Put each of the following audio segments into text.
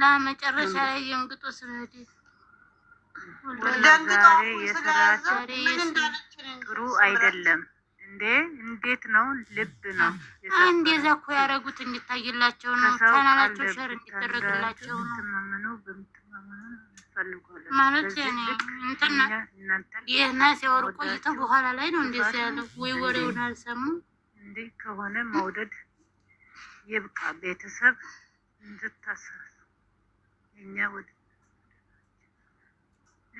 ለመጨረሻ ላይ የእንግጦ ስህዲ ዛሬ ጥሩ አይደለም እንዴ! እንዴት ነው? ልብ ነው እንደዛ እኮ ያደረጉት እንዲታይላቸው ነው። ቻናላቸው ሸር እንዲደረግላቸው ነው ማለት እንትና ሲያወሩ በኋላ ላይ ነው እንደዚ ወይ ወሬውን አልሰሙ ከሆነ መውደድ ይብቃ። ቤተሰብ የኛ ወደ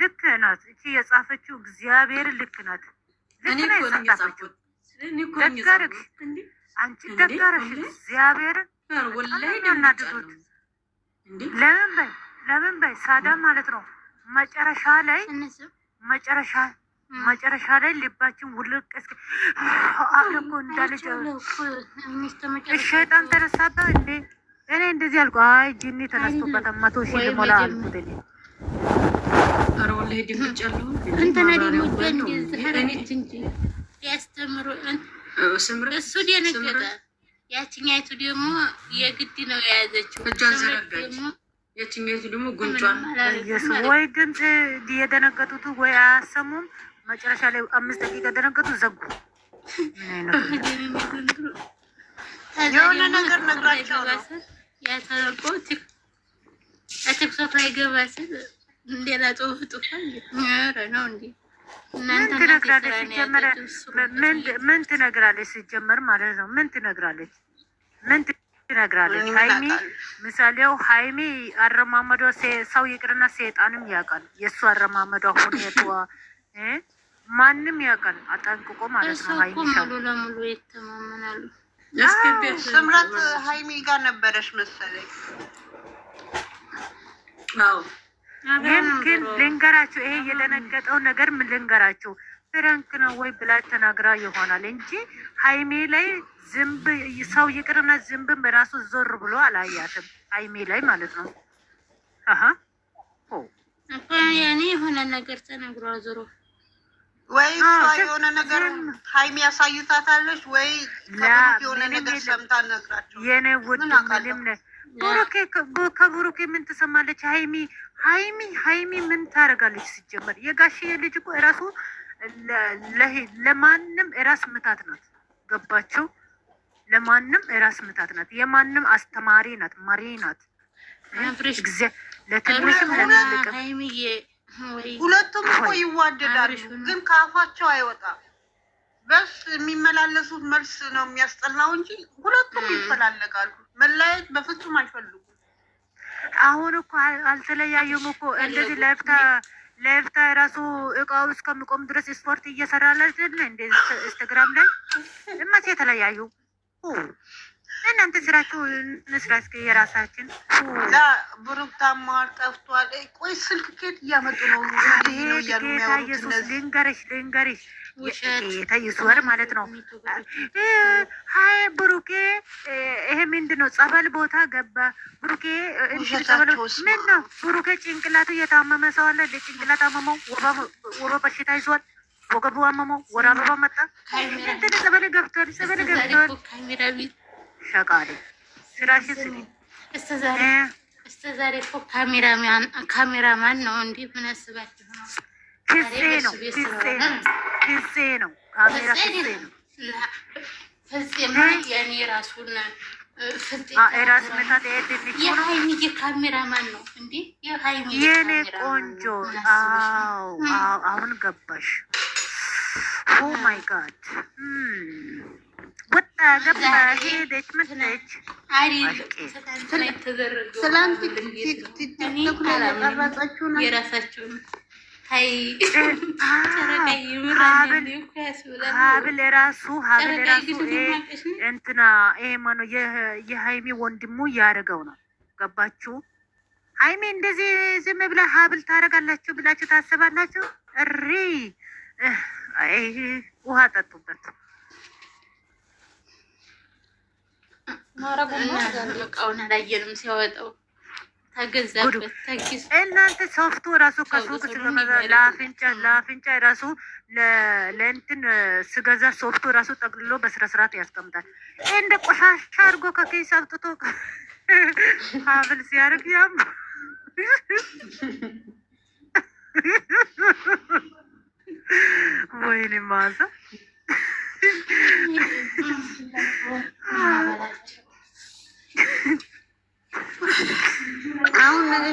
ልክ ናት እቺ የጻፈችው እግዚአብሔር ልክ ናት። ልክ ነው የጻፈችው። ደጋረግ አንቺ እግዚአብሔር ለምን በይ ለምን በይ ሳዳም ማለት ነው መጨረሻ ላይ መጨረሻ መጨረሻ ላይ ልባችን ውልቅ እስኪ አለኮ እንዳለች ሸይጣን ተነሳበት እንዴ እኔ እንደዚህ አልኩ። አይ ጅኒ ተነስቶበት መቶ ሺህ ሞላ አልኩት። እሱ ደነገጠ። ያችኛይቱ ደግሞ የግድ ነው የያዘችው። የትኛይቱ ደግሞ ጉንጯን ወይ ወይ አያሰሙም። መጨረሻ ላይ አምስት ደቂቃ ደነገጡ፣ ዘጉ። የሆነ ነገር ነግራቸዋለሁ ያተረጎት ቲክቶክ ላይ ገባ ስል እንደላ ጽሁፍ ጥፋል ነው እንዴ? ምን ትነግራለች? ሲጀመር ምን ትነግራለች? ሲጀመር ማለት ነው ምን ትነግራለች? ምን ትነግራለች? ሀይሚ ምሳሌው ሀይሚ አረማመዷ ሰው ይቅርና ሴጣንም ያውቃል። የእሱ አረማመዷ ሁኔታዋ ማንም ያውቃል አጠንቅቆ ማለት ነው። ሀይሚ ሙሉ ለሙሉ የተማመናሉ ስምረት ሀይሚ ጋር ነበረች መሰለኝ። ግን ግን ልንገራችሁ፣ ይሄ የደነገጠው ነገር ምን ልንገራችሁ፣ ፍረንክ ነው ወይ ብላ ተናግራ ይሆናል እንጂ ሀይሜ ላይ ዝንብ ሰው ይቅርና ዝንብም በራሱ ዞር ብሎ አላያትም። ሀይሜ ላይ ማለት ነው። አሀ የሆነ ነገር ተናግሯ ዞሮ ወይ እሷ የሆነ ነገር ሀይሚ ያሳይታታለች ወይ የሆነ ነገር ሰምታ ነግራቸው የኔ ውድ ከቡሩኬ ምን ትሰማለች? ሀይሚ ሀይሚ ሀይሚ ምን ታደርጋለች? ሲጀመር የጋሽ የልጅ እኮ እራሱ ለማንም እራስ ምታት ናት። ገባቸው? ለማንም እራስ ምታት ናት። የማንም አስተማሪ ናት፣ መሪ ናት። ለትንሽም ለትልቅም ሁለቱም እኮ ይዋደዳሉ፣ ግን ከአፋቸው አይወጣም። በስ የሚመላለሱት መልስ ነው የሚያስጠላው እንጂ ሁለቱም ይፈላለጋሉ። መለያየት በፍጹም አይፈልጉም። አሁን እኮ አልተለያዩም እኮ እንደዚህ ለፍታ ለፍታ የራሱ እቃው እስከሚቆም ድረስ ስፖርት እየሰራለች እንደ ኢንስታግራም ላይ እመቼ የተለያዩ እናንተ ስራችሁ እንስራ እስኪ የራሳችን። እዛ ብሩክ ታማር ጠፍቷል። ቆይ ስልክ ኬት እያመጡ ነው? ጌታ ኢየሱስ ልንገርሽ ልንገርሽ ጌታ ኢየሱስ ማለት ነው። ሀይ ብሩኬ፣ ይሄ ምንድን ነው? ጸበል ቦታ ገባ ብሩኬ። ምን ነው ብሩኬ? ጭንቅላቱ እየታመመ ሰው አለ። ጭንቅላት አመመው፣ ወባ በሽታ ይዟል። ወገቡ አመመው፣ ወር አበባ መጣ። ጸበል ገብቷል፣ ጸበል ገብቷል። ሸቃሪ ስራሽ ስሚ። እስከ ዛሬ እኮ ካሜራማን ነው። እንዲህ ምን አስባችሁ ነው? ክሴ ነው ክሴ ነው ካሜራ ክሴ ነው። ፍጽማ የኔ ራሱን ራስ የሀይሚዬ ካሜራማን ነው እንዴ? ቆንጆ አሁን ገባሽ። ኦ ማይ ጋድ ወጣ ገባ ሄደች መሰለች። ሀብል ራሱ ሀብል ራሱ እንትና ይሄ የሀይሚ ወንድሙ እያደረገው ነው። ገባችሁ? ሀይሚ እንደዚህ ዝም ብላ ሀብል ታደርጋላችሁ ብላችሁ ታስባላችሁ? እሪ ውሃ ጠጡበት። እቃውን አላየንም ሲያወጣው እናንተ ሶፍቱ ራሱ ከሱቅ ለአፍንጫ ራሱ ለእንትን ስገዛ ሶፍቱ ራሱ ጠቅልሎ በስነ ያስቀምጣል። እንደ ቆሻሻ አድርጎ ከኬስ አውጥቶ ሀብል ሲያደርግ ያም ወይኔ ማዛ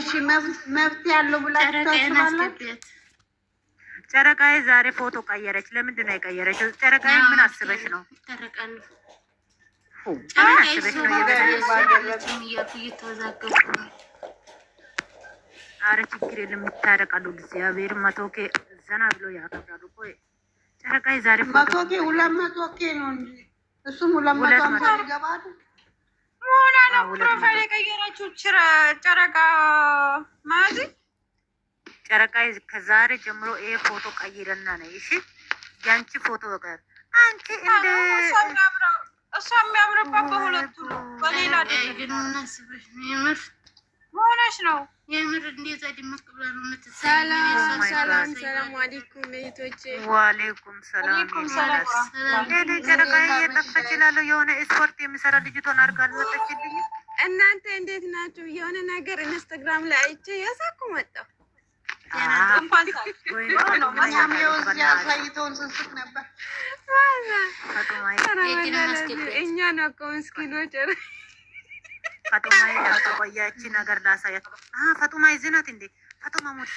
እሺ መብት ያለው ብላችሁ ጨረቃዬ ዛሬ ፎቶ ቀየረች። ለምንድን ነው የቀየረችው? ጨረቃዬ ምን አስበሽ ነው? አረ ችግር የለም ይታረቃሉ። እግዚአብሔር መቶ ዘና ብሎ ያከብራሉ። ቆይ ጨረቃዬ ዛሬ መቶ ሁለት መቶ ነው እንጂ እሱም ሁለት መቶ ገባ ሆና ነው ፕሮፋይል የቀየረችው ጨረቃ ማዚ ጨረቃ ከዛሬ ጀምሮ ይሄ ፎቶ ቀይረና ነው። እሺ ያንቺ ፎቶ በቀር አንቺ እንደ እሷ የሚያምርባት በሁለቱ ነው በሌላ ሆነሽ ነው የምር እንዴት ድምቅ ብለ ነው የምትሰላም። ሰላም ሰላም አለይኩም እህቶቼ፣ ዋሌኩም ሰላም። ጨረቃ እየጠፋች እላለሁ። የሆነ ስፖርት የሚሰራ ልጅቷን አድርጋ አልመጣችልኝ። እናንተ እንዴት ናችሁ? የሆነ ነገር ኢንስታግራም ላይ አይቼ የሳኩ መጣሁ። እኛ ነው እኮ ምስኪኖች ፈጡማ ቆያች ነገር ላሳያት። ፈጡማ ይዝናት እንዴ ፈጡማ ሞት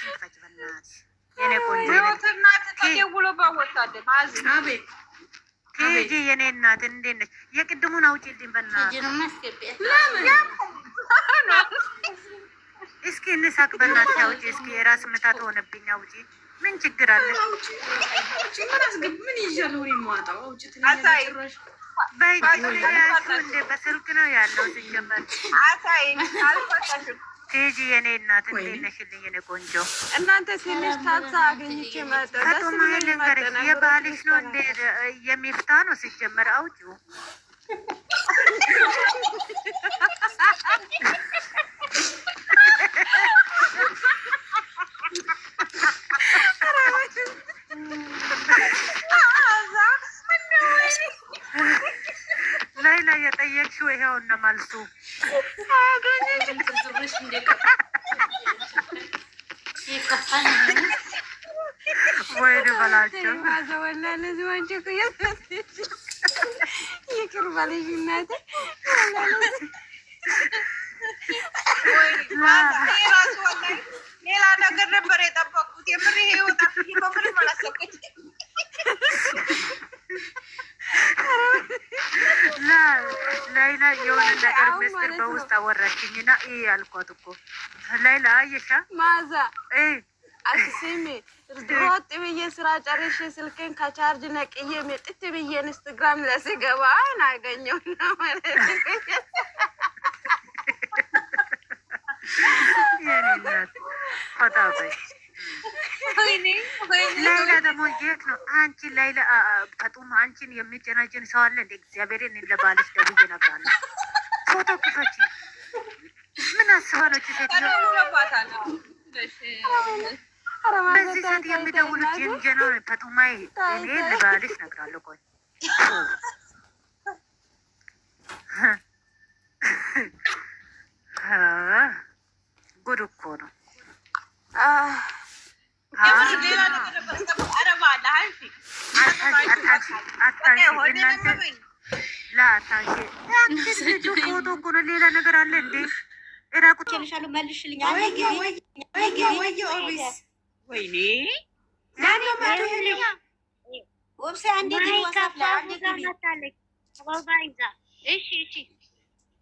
ቴጂ የኔ እናት እንዴት ነች? የቅድሙን አውጪልኝ እስኪ እንሳቅ አውጪ። እስኪ የራስ ምታት ሆነብኝ አውጪ። ምን ችግር አለ? እንደ በስልክ ነው ያለው። ሲጀመር ቴጂ የኔ እናት እንዴት ነሽልኝ? የኔ ቆንጆ እናንተ ትንሽ ታብሳ አገኝቼ መጠ የባልሽ ነው እንደ የሚፍታ ነው ሲጀመር አውጪው ላይ ላይ የጠየቅሽው ይሄውና መልሱ ወይ በላቸው ዘወላ ለዚህ ዋንጭ ይቅር በልሽ እናቴ ሌላ ነገር ነበር የጠበቁት የምር ይሄ ወጣ ምንም አላሰብኩት ላይላ የሆነ ነገር ምስጢር በውስጥ አወራችኝና ይሄ አልኳት እኮ ላይላ አየሻ ማዛ አክሲሜ ሮጥ ብዬ ስራ ጨርሼ ስልክን ከቻርጅ ነቅዬ መጥቼ ብዬ ኢንስትግራም ላይ ስገባ ማለት ነው። ላይላ ደግሞ የት ነው አንቺ? ላይላ ከጡም አንቺን የሚጀናጀን ሰው አለ እንደ እግዚአብሔርን ለባልሽ ደውዬ እነግራለሁ። ፎቶ ክፈች። ምን አስባ ነው በዚህ ሰዓት የሚደውሉት? ጀንጀና ፈጡማ እኔ ለባልሽ እነግራለሁ። ቆይ ጉድ እኮ ነው። ፎቶ እኮ ነው። ሌላ ነገር አለ እንዴ? እራቁትሻሉ መልሽልኝ። ወይኔ ወብሳ እንዴት ይዛ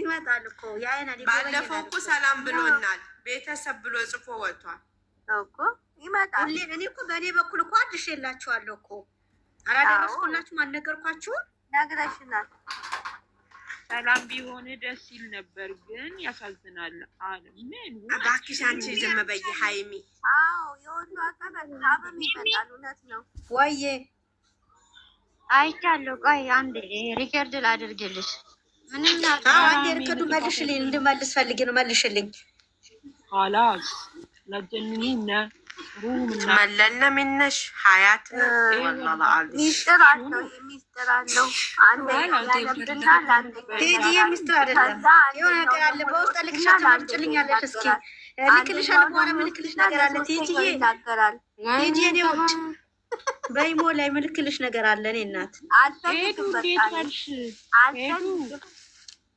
ይመጣል እኮ ባለፈው እኮ ሰላም ብሎናል። ቤተሰብ ብሎ ጽፎ ወጥቷል እኮ ይመጣል። እኔ እኮ በእኔ በኩል እኮ አድርሼላችኋለሁ እኮ አላደረስኩላችሁም፣ አልነገርኳችሁም። ነግረሽናል። ሰላም ቢሆን ደስ ይል ነበር፣ ግን ያሳዝናል። አለምን እባክሽ አንቺ ዝም በይ ሀይሚ። አዎ አይቻለሁ። ቆይ አንድ ሪከርድ ላድርግልሽ አንዴ ርከዱ መልሽልኝ፣ እንድመልስ ፈልጌ ነው። መልሽልኝ። ላስ ለጀሚኒ ነ መለነ ሀያት ሚስጥር አለው ሚስጥር አለው። ቴዲዬ ሚስጥር አይደለም የሆነ ነገር አለ በውስጥ ልክሻት ትመርጭልኛለሽ። እስኪ ልክልሻል በኋላ ምልክልሽ ነገር አለ ቴዲዬ ቴዲዬ ኔዎች በይሞ ላይ ምልክልሽ ነገር አለ። እኔ እናት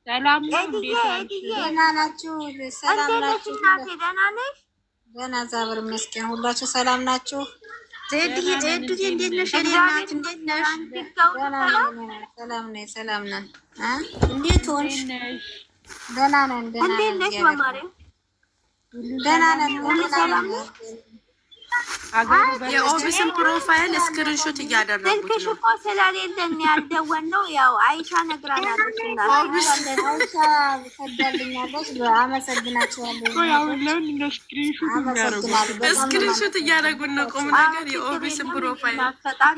ደህና ዛብር ሁላችሁ ሰላም ናችሁ? ዜድዬ ዜድዬ እንዴት ነሽ? እኔ እናት እንዴት ነሽ? ሰላም ነኝ፣ ሰላም ነን። እንዴት ሆንሽ? ደህና ነን። ደህና ነን። ደህና ነን። የኦፊስን ፕሮፋይል ስክሪንሾት እያደረጉት ነው። ሽፎ ስለሌለን ያልደወል ነው። ያው አይሻ ነግራናለች። ስክሪንሾት እያደረጉን ነው። ቁም ነገር የኦፊስን ፕሮፋይል ፈጣሪ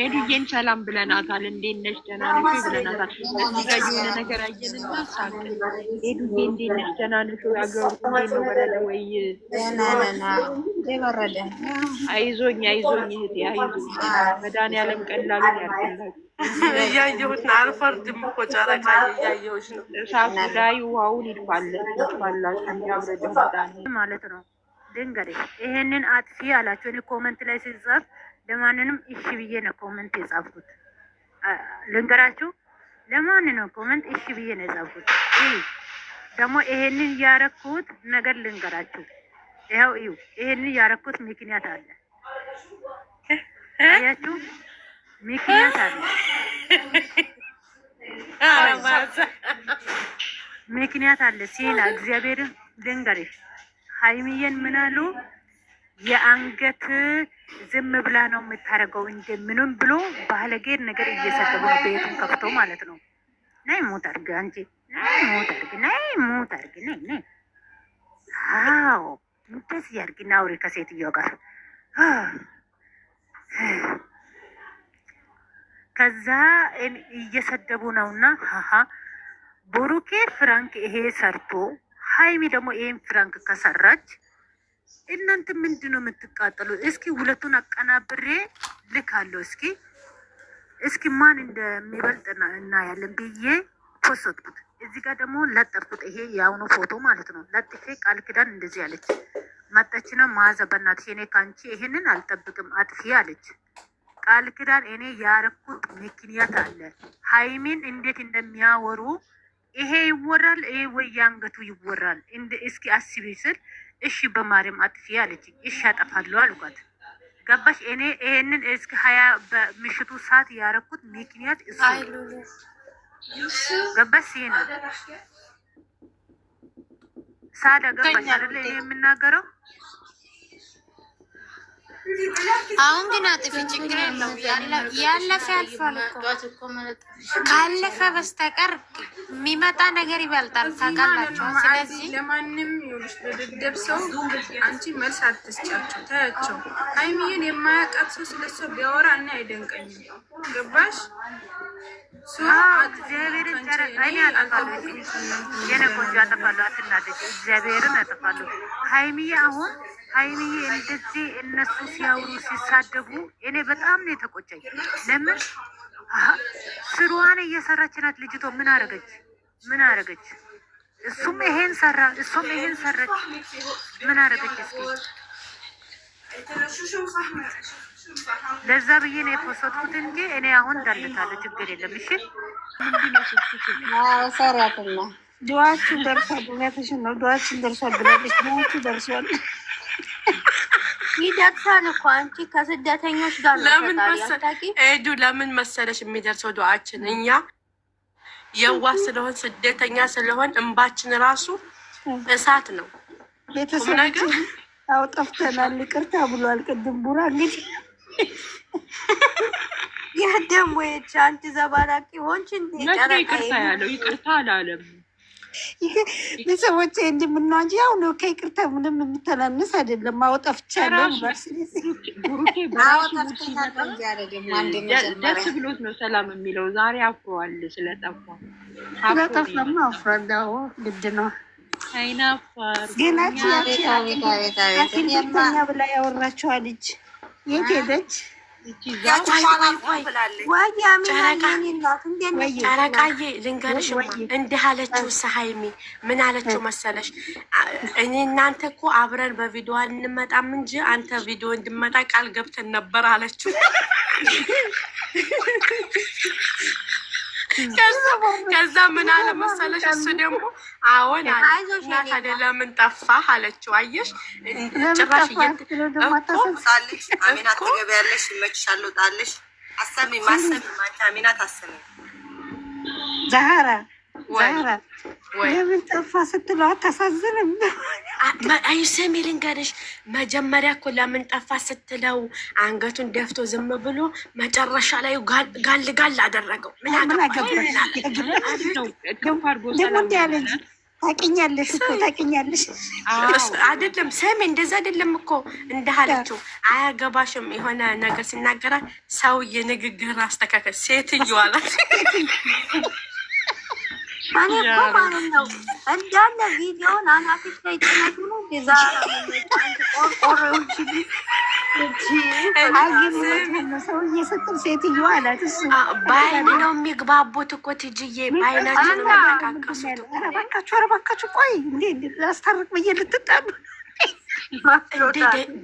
ኤዱዬን ሰላም ብለናታል። እንዴት ነሽ? ደህና ነሽ ብለናታል። እዚህ ጋር የሆነ ነገር አየንና ሳቅ። ኤዱዬ እንዴት ነሽ? ደህና ነሽ? ያገሩ እንዴት ነው? በረደ ወይ? በረደ። አይዞኝ አይዞኝ እህቴ አይዞኝ። መድኃኒዓለም ቀላሉ ያድርግላችሁ። እያየሁት ነው። አልፈርድም እኮ ጨረቃ እያየሁሽ ነው። እሳቱ ላይ ውሃውን ይድፋለን ይድፋላችሁ። ያብረደ መድኃኒዓለም ማለት ነው። ድንገዴ ይሄንን አጥፊ አላችሁ። እኔ ኮመንት ላይ ሲጻፍ ለማንንም እሺ ብዬ ነው ኮመንት የጻፍኩት። ልንገራችሁ ለማን ነው ኮመንት እሺ ብዬ ነው የጻፍኩት። ደግሞ ይሄንን ያረኩት ነገር ልንገራችሁ። ይኸው እዩ፣ ይሄንን ያረኩት ምክንያት አለ። አያችሁ፣ ምክንያት አለ። ምክንያት አለ ሲላ እግዚአብሔርን ልንገርሽ፣ ሀይሚዬን ምን አሉ የአንገት ዝም ብላ ነው የምታደርገው። ምንም ብሎ ባለጌ ነገር እየሰደቡ ነው። ቤቱን ከፍቶ ማለት ነው። ናይ ሞት አርግ አንቺ፣ ናይ ሞት አርግ፣ ናይ ሞት አርግ፣ ናይ ናይ። አዎ እንደዚህ አርግና አውሪ ከሴትዮዋ ጋር። ከዛ እየሰደቡ ነውና ሀሀ ቦሩኬ ፍራንክ ይሄ ሰርቶ ሀይሚ ደግሞ ይሄን ፍራንክ ከሰራች እናንተ ምንድን ነው የምትቃጠሉ? እስኪ ሁለቱን አቀናብሬ ልካለሁ። እስኪ እስኪ ማን እንደሚበልጥ እናያለን ብዬ ፖስትኩት። እዚህ ጋር ደግሞ ለጠፍኩት። ይሄ የአሁኑ ፎቶ ማለት ነው። ለጥፌ ቃል ኪዳን እንደዚህ አለች። መጣችና ማዘ በእናትሽ እኔ ካንቺ ይሄንን አልጠብቅም አጥፊ አለች። ቃል ኪዳን እኔ ያረኩት ምክንያት አለ። ሀይሚን እንዴት እንደሚያወሩ ይሄ ይወራል፣ ይሄ ወይ ይወራል። እስኪ አስቢ ስል እሺ በማርያም አጥፊ አለችኝ። እሺ አጠፋለሁ አልኳት። ገባሽ? እኔ ይሄንን እስከ ሀያ በምሽቱ ሰዓት ያረኩት ምክንያት እሱ ገባሽ? ይሄ ነው ሳዳ ገባሽ አይደለ? እኔ የምናገረው አሁን ግን አጥፊ ችግር የለውም። ያለፈ ያልፋል ካለፈ በስተቀር የሚመጣ ነገር ይበልጣል። ታውቃላችሁ። ስለዚህ ለማንም ይኸውልሽ፣ ሰው አንቺ መልስ አትስጫቸው፣ ታያቸው። ሀይሚዬን የማያውቃት ሰው ስለሷ ቢያወራ እና አይደንቀኝም። ገባሽ? እግዚአብሔርን አጠፋለሁ። ሀይሚዬ አሁን ሀይሚዬ እንደዚህ እነሱ ሲያውሩ ሲሳደቡ እኔ በጣም ነው የተቆጨኝ። ለምን ስሯዋን እየሰራች ናት ልጅቶ። ምን አረገች? ምን አረገች? እሱም ይሄን ሰራ፣ እሱም ይሄን ሰረች። ምን አረገች? እስኪ ለዛ ብዬ ነው የፖሰትኩት እንጂ እኔ አሁን ዳልታለሁ። ችግር የለም። እሺ ሰራትና ድዋችን ደርሷል። እውነትሽን ነው። ድዋችን ደርሷል ብላለች። ድዋችሁ ደርሷል። ይደርሳል እኮ አንቺ ከስደተኞች ጋር ለምን ኤዱ ለምን መሰለሽ የሚደርሰው ዱዓችን እኛ የዋ ስለሆን ስደተኛ ስለሆን እንባችን ራሱ እሳት ነው። ቤተሰቦች አዎ ጠፍተናል፣ ይቅርታ ብሏል። ቅድም ቡራ እንግዲህ ይህ ደግሞ የቻንቲ ዘባራቂ ሆንች ይቅርታ ያለው ይቅርታ አላለም ቤተሰቦቼ እንድምና እንጂ ያው ነው ከይቅርታ ምንም የምተናንስ አይደለም። አወጣፍቻለሁ ደስ ብሎት ነው ሰላም የሚለው። ዛሬ አፍሯል ስለጠፋ ስለጠፋማ አፍሯል። ግድ ነው። ገናች ያቺ ብላ ያወራችኋ የት ሄደች? ጨረቃዬ ልንገርሽማ እንዲህ አለችው። ሀይሚ ምን አለችው መሰለሽ? እኔ እናንተ እኮ አብረን በቪዲዮ እንመጣም እንጂ አንተ ቪዲዮ እንድመጣ ቃል ገብተን ነበር አለችው። ከዛ ምን አለ መሰለሽ፣ እሱ ደግሞ አዎን አለ እና ታዲያ ለምን ጠፋህ አለችው። አየሽ ጭራሽ እየትሳለሽ አሚና ትገቢያለሽ፣ ይመችሻል፣ ወጣለሽ አሰሚ ማሰሚ ማ አሚና ታሰሚ ዛህራ ለምን ጠፋ ስትለው አታሳዝንም? አይ ስሚ ልንገርሽ፣ መጀመሪያ እኮ ለምን ጠፋ ስትለው አንገቱን ደፍቶ ዝም ብሎ መጨረሻ ላይ ጋል ጋል አደረገው። ምን ደግሞ ታቂኛለሽ እኮ ታቂኛለሽ። አይደለም ስሚ፣ እንደዛ አይደለም እኮ እንዳለችው አያገባሽም። የሆነ ነገር ሲናገራት ሰውዬ ንግግር አስተካከል ሴትዮ አላት። እኔ እኮ ማለት ነው እንዳለ ቪዲዮን አናትሽ ላይ ጥነቱ ነው ዛ ቆርቆሮዎች ሰው እየሰጥር አላት። እሱ በአይን ነው የሚግባቡት እኮ ትጅዬ፣ ቆይ እንዴ ላስታርቅ ብዬ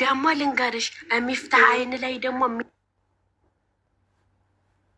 ደግሞ ልንገርሽ፣ የሚፍታ አይን ላይ ደግሞ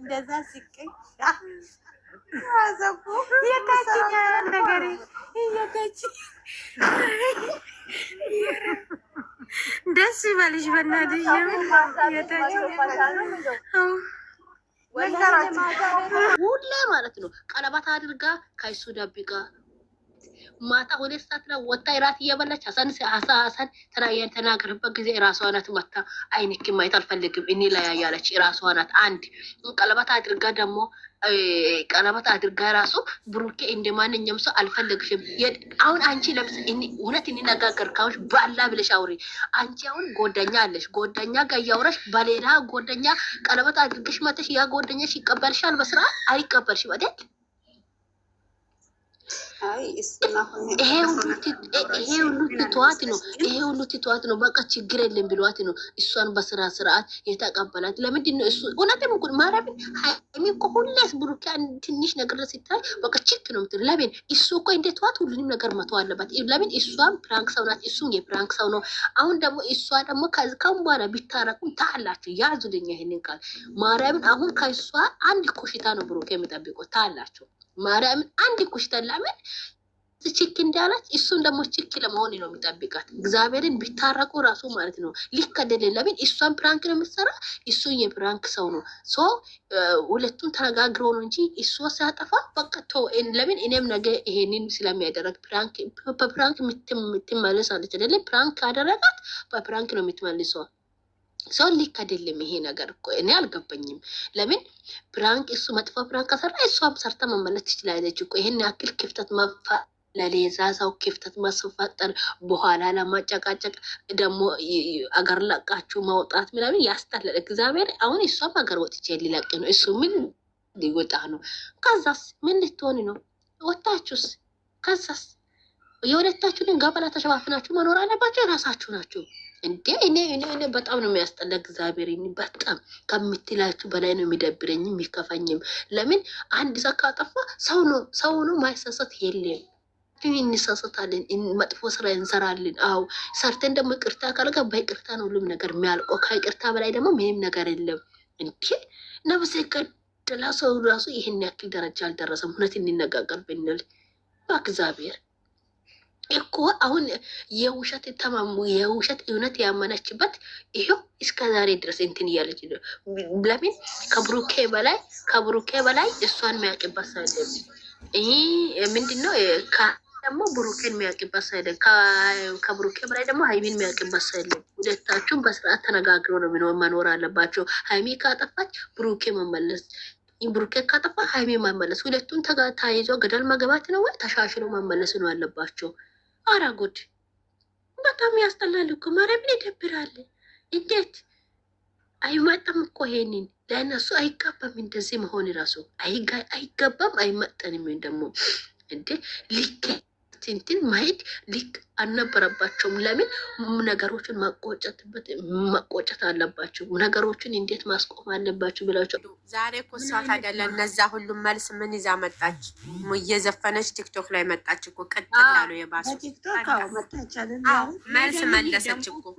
እንደዛ ሲቀኝ የታችኛ ነገር እየታች ደስ ይበልሽ በእናትሽ። ሁሌ ማለት ነው ቀለበት አድርጋ ከእሱ ደብቃ ማታ ሁለት ሰዓት ላይ ወጣ እራት እየበላች ሀሰን ሀሰን ተናገርበት ጊዜ ራሷ ናት መታ አይንክ ማየት አልፈልግም እኔ ላይ ያለች ራሷ ናት። አንድ ቀለበት አድርጋ ደግሞ ቀለበት አድርጋ ራሱ ብሩኬ እንደ ማንኛውም ሰው አልፈለግሽም። አሁን አንቺ ለምስ እውነት እንነጋገር ካዎች ባላ ብለሽ አውሪ። አንቺ አሁን ጎደኛ አለሽ፣ ጎደኛ ጋር እያወራሽ በሌላ ጎደኛ ቀለበት አድርገሽ መተሽ ያ ጎደኛሽ ይቀበልሻል? በስራ አይቀበልሽ አይደል? ይሄ ሁሉ ትተዋት ነው። ይሄ ሁሉ ትተዋት ነው። በቃ ችግር የለም ብሏት ነው። እሷን በስራ ስርዓት የተቀበላት ለምንድን ነው? እሱ እውነትም እኮ ማርያምን ሀይሚ እኮ ሁሌስ ብሩክ ትንሽ ነገር ሲታይ በቃ ችክ ነው ምትል። ለምን እሱ እኮ እንደ ሁሉንም ነገር መተው አለባት። ለምን እሷን ፕራንክ ሰው ናት፣ እሱም የፕራንክ ሰው ነው። አሁን ደግሞ እሷ ደግሞ ከዚካሁን በኋላ ቢታረቁም ታላችሁ ያዙልኛ ይህንን ቃል ማርያምን። አሁን ከእሷ አንድ ኮሽታ ነው ብሩክ የሚጠብቀው ታላችሁ ማርያምን አንድ ኩሽተላ ምን ችክ እንዳላት እሱን ደግሞ ችክ ለመሆን ነው የሚጠብቃት። እግዚአብሔርን ቢታረቁ ራሱ ማለት ነው ልክ አይደለም። ለምን እሷን ፕራንክ ነው የምትሰራ፣ እሱን የፕራንክ ሰው ነው። ሶ ሁለቱም ተነጋግሮ ነው እንጂ እሱ ሲያጠፋ በቃ ለምን እኔም ነገ ይሄንን ስለሚያደረግ በፕራንክ የምትመለስ አለች አይደለም። ፕራንክ ካደረጋት በፕራንክ ነው የምትመልሰው። ሰው ልክ ይሄ ነገር እኮ እኔ አልገባኝም። ለምን ፕራንክ እሱ መጥፎ ፕራንክ ከሰራ እሷም ሰርታ መመለስ ትችላለች እኮ። ይህን ያክል ክፍተት መፋ ለሌዛ ሰው ክፍተት ማስፈጠር በኋላ ለማጨቃጨቅ ደግሞ አገር ለቃችሁ ማውጣት ምናምን ያስጠላል። እግዚአብሔር አሁን እሷም አገር ወጥቼ ሊለቅ ነው፣ እሱ ምን ሊወጣ ነው? ከዛስ ምን ልትሆን ነው? ወጣችሁስ? ከዛስ የሁለታችሁን ገበላ ተሸፋፍናችሁ መኖር አለባቸው። የራሳችሁ ናቸው። እንዴ እኔ እኔ እኔ በጣም ነው የሚያስጠላ። እግዚአብሔር በጣም ከምትላችሁ በላይ ነው የሚደብረኝ የሚከፋኝም። ለምን አንድ ሰው ካጠፋ ሰው ነው ሰው ነው ማይሰሰት የለም። እንሰሰታለን፣ መጥፎ ስራ እንሰራለን። አዎ ሰርተን ደግሞ ይቅርታ ካልጋ በይቅርታ ነው ሁሉም ነገር የሚያልቆ። ከይቅርታ በላይ ደግሞ ምንም ነገር የለም። እንዴ ነብሴ ገደላ ሰው ራሱ ይህን ያክል ደረጃ አልደረሰም። እውነት እንነጋገር ብንል በእግዚአብሔር እኮ አሁን የውሸት ተማሙ የውሸት እውነት ያመነችበት ይሄው እስከ ዛሬ ድረስ እንትን እያለች ለምን ከብሩኬ በላይ ከብሩኬ በላይ እሷን የሚያውቅባት ሳለ ይህ ምንድነው? ደግሞ ብሩኬን የሚያውቅባት ሳለ ከብሩኬ በላይ ደግሞ ሀይሚን የሚያውቅባት ሳለ፣ ሁለታችሁም በስርዓት ተነጋግሮ ነው ምኖር መኖር አለባቸው። ሀይሚ ካጠፋች ብሩኬ መመለስ ብሩኬ ካጠፋ ሀይሜ መመለስ፣ ሁለቱም ተይዞ ገደል መግባት ነው ወይ ተሻሽሎ መመለስ ነው ያለባቸው። አረ ጉድ! በጣም ያስጠላል እኮ ማርያምን፣ ይደብራል። እንዴት አይመጣም እኮ ይሄንን ለእነሱ አይጋባም። እንደዚህ መሆን ራሱ አይጋባም፣ አይመጠንም ደግሞ እንዴ ልኬ እንትን ማየት ልክ አልነበረባቸውም። ለምን ነገሮችን መቆጨት አለባቸው? ነገሮችን እንዴት ማስቆም አለባቸው ብላቸው። ዛሬ እኮ እሷ ታዲያ ሁሉ ሁሉም መልስ ምን ይዛ መጣች? እየዘፈነች ቲክቶክ ላይ መጣች እኮ ቅጥል ያሉ የባሱ መልስ መለሰች እኮ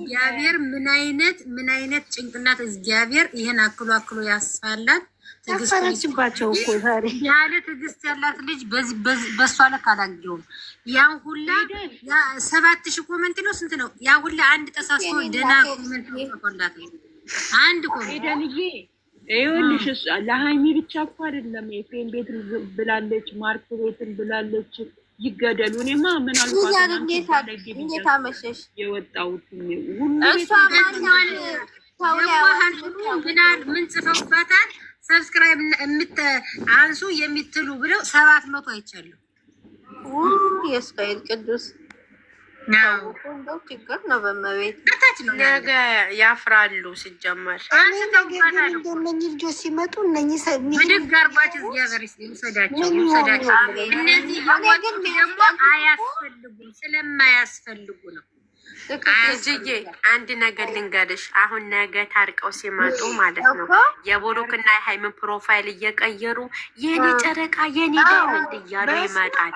እግዚአብሔር ምን አይነት ምን አይነት ጭንቅላት እግዚአብሔር ይህን አክሎ አክሎ ያስፋላት። ያፈረችባቸው እኮ ዛሬ ያለ ትዕግስት ያላት ልጅ በእሷ ልክ አላየሁም። ያን ሁላ ሰባት ሺህ ኮመንት ነው ስንት ነው ያ ሁላ አንድ ተሳስቶ ደህና ኮመንት ተቆላት አንድ ኮሜንት ይኸውልሽ ለሀይሚ ብቻ እኮ አይደለም። ኤፍሬም ቤት ብላለች፣ ማርክ ቤትን ብላለች። ይገደሉ እኔማ ምን አልኳት አመሸሽ የወጣሁት ሁሉ ምን ጽፈውበታል ሰብስክራይብ አንሱ የሚትሉ ብለው ሰባት መቶ አይቻሉ። የእስራኤል ቅዱስ ችግር ነው። በመቤት ነገ ያፍራሉ። ሲጀመር እነኚህ ልጆች ሲመጡ ደግሞ ስለማያስፈልጉ ነው እጅዬ አንድ ነገር ልንገርሽ። አሁን ነገ ታርቀው ሲመጡ ማለት ነው የቡሩክና የሀይምን ፕሮፋይል እየቀየሩ የኔ ጨረቃ የኔ ዳይመንድ እያሉ ይመጣል።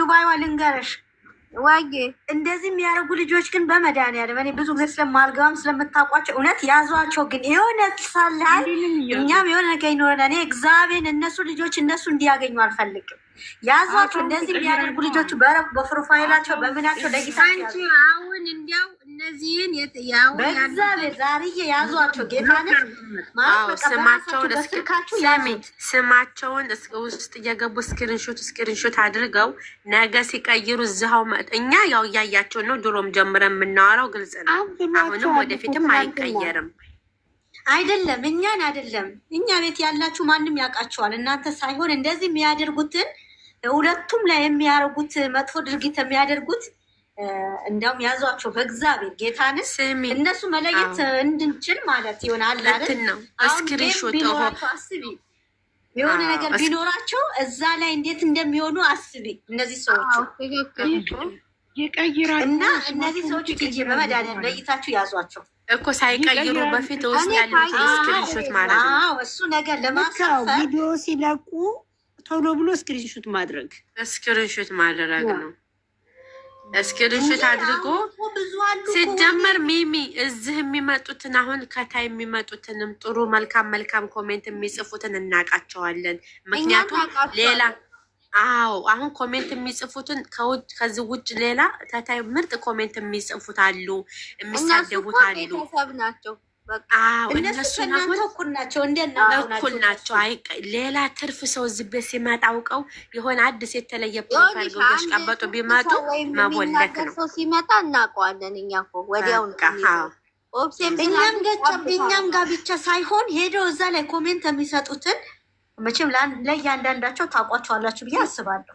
ዱባይዋ ልንገርሽ ዋዬ እንደዚህ የሚያደርጉ ልጆች ግን በመድኃኒዓለም እኔ ብዙ ጊዜ ስለማልገባም ስለምታውቋቸው እውነት ያዟቸው። ግን የሆነ ሳለ እኛም የሆነ ነገር ይኖረናል። እኔ እግዚአብሔርን እነሱ ልጆች እነሱ እንዲያገኙ አልፈልግም። ያዟቸው። እንደዚህ የሚያደርጉ ልጆች በፕሮፋይላቸው በምናቸው ለጌታ አሁን እንዲያው እነዚህን ዛሬዬ ያዟቸው ጌታነሽ ስማቸውን ውስጥ እየገቡ እስክሪንሾት እስክሪንሾት አድርገው ነገ ሲቀይሩ እዛው እኛ ያው እያያቸው ነው። ድሮም ጀምረን የምናወራው ግልጽ ነው። አሁንም ወደፊትም አይቀየርም። አይደለም እኛን አይደለም እኛ ቤት ያላችሁ ማንም ያውቃቸዋል። እናንተ ሳይሆን እንደዚህ የሚያደርጉትን ሁለቱም ላይ የሚያደርጉት መጥፎ ድርጊት የሚያደርጉት እንዲያውም ያዟቸው በእግዚአብሔር ጌታን እነሱ መለየት እንድንችል ማለት ይሆናል። አስቢ የሆነ ነገር ቢኖራቸው እዛ ላይ እንዴት እንደሚሆኑ አስቢ። እነዚህ ሰዎች እና እነዚህ ሰዎች ጊዜ በመድኃኒዓለም ለይታችሁ ያዟቸው እኮ ሳይቀይሩ በፊት ውስጥ ያሉት ስክሪንሾት ማለት ነው። እሱ ነገር ለማሳፈር ቪዲዮ ሲለቁ ቶሎ ብሎ ስክሪንሾት ማድረግ ስክሪንሾት ማድረግ ነው። እስክሪንሹት አድርጎ ሲጀመር ሚሚ እዚህ የሚመጡትን አሁን ከታይ የሚመጡትንም ጥሩ መልካም መልካም ኮሜንት የሚጽፉትን እናውቃቸዋለን። ምክንያቱም ሌላ አዎ አሁን ኮሜንት የሚጽፉትን ከዚህ ውጭ ሌላ ተታይ ምርጥ ኮሜንት የሚጽፉት አሉ፣ የሚሳደቡት አሉ። እነሱ ከእናንተ እኩል ናቸው። እኩል ናቸው። ሌላ ትርፍ ሰው እዚህ ቤት ሲመጣ አውቀው የሆነ አዲስ የተለየ ፕሮፋይል ቀበጡ ቢመጡ መቦለክ ነው። ሰው ሲመጣ እናውቀዋለን እኛ እኮ ወዲያው እኛም ጋር ብቻ ሳይሆን ሄደው እዛ ላይ ኮሜንት የሚሰጡትን መቼም ለእያንዳንዳቸው ታውቋቸዋላችሁ ብዬ አስባለሁ።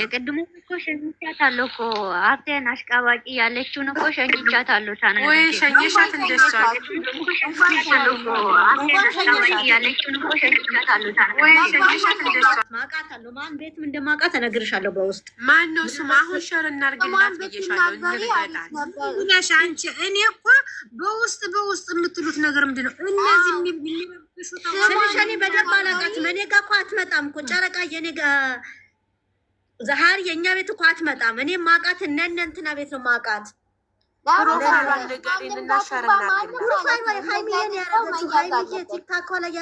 የቅድሙ እኮ ሸኝቻታለሁ እኮ አፍቴን አሽቃባቂ ያለችውን እኮ ሸኝቻታለሁ። ማን ቤትም እንደማውቃት እነግርሻለሁ። በውስጥ ማን ነው ስም አሁን ሸር እኔ እኮ በውስጥ በውስጥ የምትሉት ነገር ምንድን ነው? እነዚህ ስልሽ እኔ በደንብ አላውቃትም። እኔ ጋ እኮ አትመጣም እኮ ጨረቃ የኔ ጋ ዛሀር የእኛ ቤት እኮ አትመጣም። እኔ ማውቃት እነ እነ እንትና ቤት ነው ማውቃት ሀይሚዬ ቲክታክ ላይ